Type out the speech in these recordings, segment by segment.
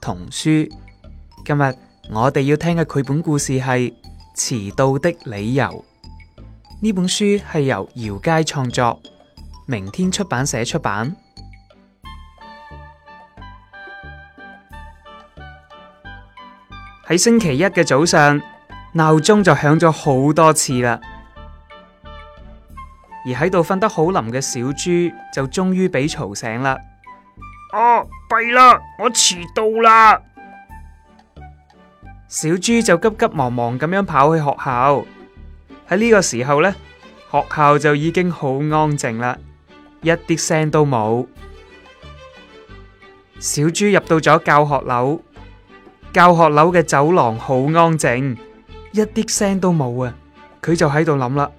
童書，今日我哋要聽嘅繪本故事係《遲到的理由》。呢本書係由姚佳創作，明天出版社出版。喺 星期一嘅早上，鬧鐘就響咗好多次啦，而喺度瞓得好冧嘅小豬就終於俾嘈醒啦。哦，弊啦，我遲到啦！小豬就急急忙忙咁樣跑去學校。喺呢個時候呢，學校就已經好安靜啦，一啲聲都冇。小豬入到咗教學樓，教學樓嘅走廊好安靜，一啲聲都冇啊！佢就喺度諗啦，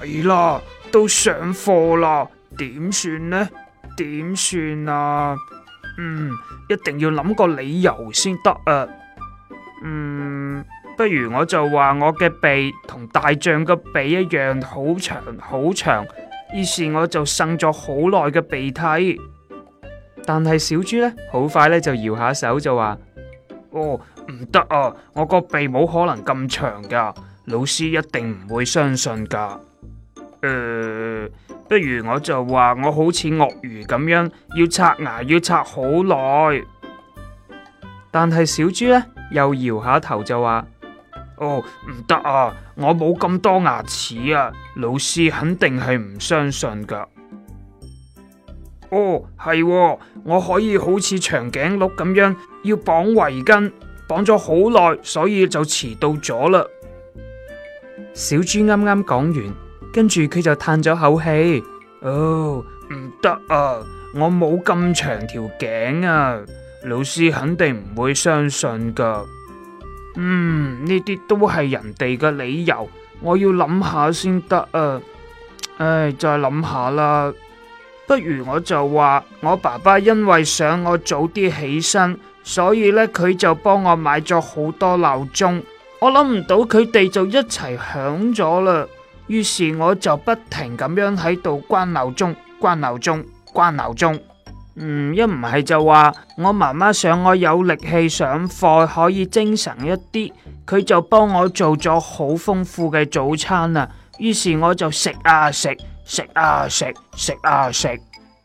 弊啦，都上課啦，點算呢？點算啊？嗯，一定要諗個理由先得啊。嗯，不如我就話我嘅鼻同大象嘅鼻一樣好長好長，於是我就生咗好耐嘅鼻涕。但係小豬咧，好快咧就搖下手就話：哦，唔得啊！我個鼻冇可能咁長噶，老師一定唔會相信噶。誒、呃。不如我就話我好似鱷魚咁樣要刷牙，要刷好耐。但係小豬呢，又搖下頭就話：哦，唔得啊，我冇咁多牙齒啊，老師肯定係唔相信噶。哦，係喎，我可以好似長頸鹿咁樣要綁圍巾，綁咗好耐，所以就遲到咗啦。小豬啱啱講完。跟住佢就嘆咗口氣，哦，唔得啊，我冇咁長條頸啊，老師肯定唔會相信噶。嗯，呢啲都係人哋嘅理由，我要諗下先得啊。唉，再諗下啦，不如我就話我爸爸因為想我早啲起身，所以呢，佢就幫我買咗好多鬧鐘。我諗唔到佢哋就一齊響咗啦。於是我就不停咁樣喺度關鬧鐘、關鬧鐘、關鬧鐘。嗯，一唔係就話我媽媽想我有力氣上課可以精神一啲，佢就幫我做咗好豐富嘅早餐啦。於是我就食啊食、食啊食、食啊食。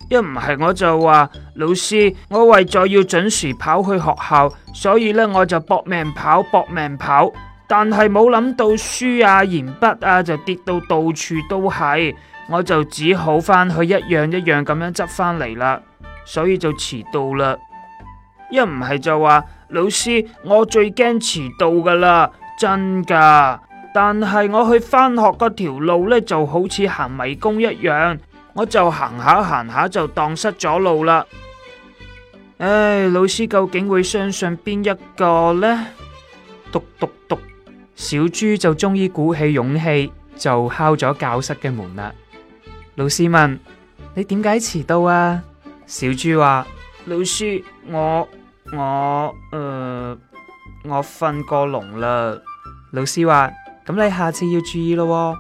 一唔係我就話老師，我為咗要準時跑去學校，所以呢，我就搏命跑、搏命跑。但係冇諗到書啊、鉛筆啊就跌到到處都係，我就只好翻去一樣一樣咁樣執返嚟啦，所以就遲到啦。一唔係就話老師，我最驚遲到噶啦，真噶。但係我去返學嗰條路呢就好似行迷宮一樣，我就行下行下就蕩失咗路啦。唉，老師究竟會相信邊一個呢？讀讀讀。讀小豬就終於鼓起勇氣，就敲咗教室嘅門啦。老師問：你點解遲到啊？小豬話：老師，我我誒，我瞓過籠啦。老師話：咁你下次要注意咯。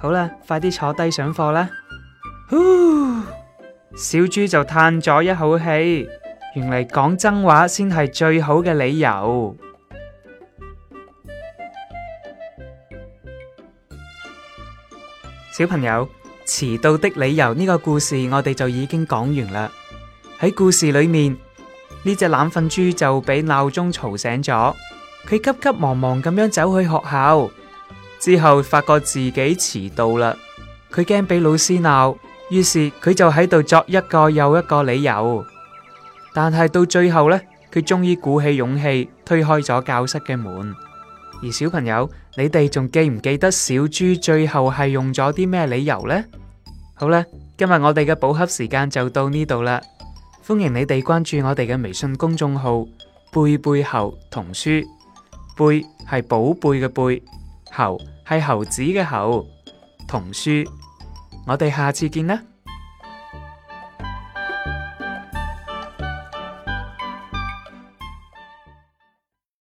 好啦，快啲坐低上課啦。小豬就嘆咗一口氣，原嚟講真話先係最好嘅理由。小朋友，遲到的理由呢個故事我哋就已經講完啦。喺故事裏面，呢隻懶瞓豬就俾鬧鐘嘈醒咗，佢急急忙忙咁樣走去學校，之後發覺自己遲到啦。佢驚俾老師鬧，於是佢就喺度作一個又一個理由，但係到最後呢，佢終於鼓起勇氣推開咗教室嘅門。而小朋友，你哋仲記唔記得小豬最後係用咗啲咩理由呢？好啦，今日我哋嘅寶盒時間就到呢度啦。歡迎你哋關注我哋嘅微信公眾號《貝貝猴童書》，貝係寶貝嘅貝，猴係猴子嘅猴，童書。我哋下次見啦。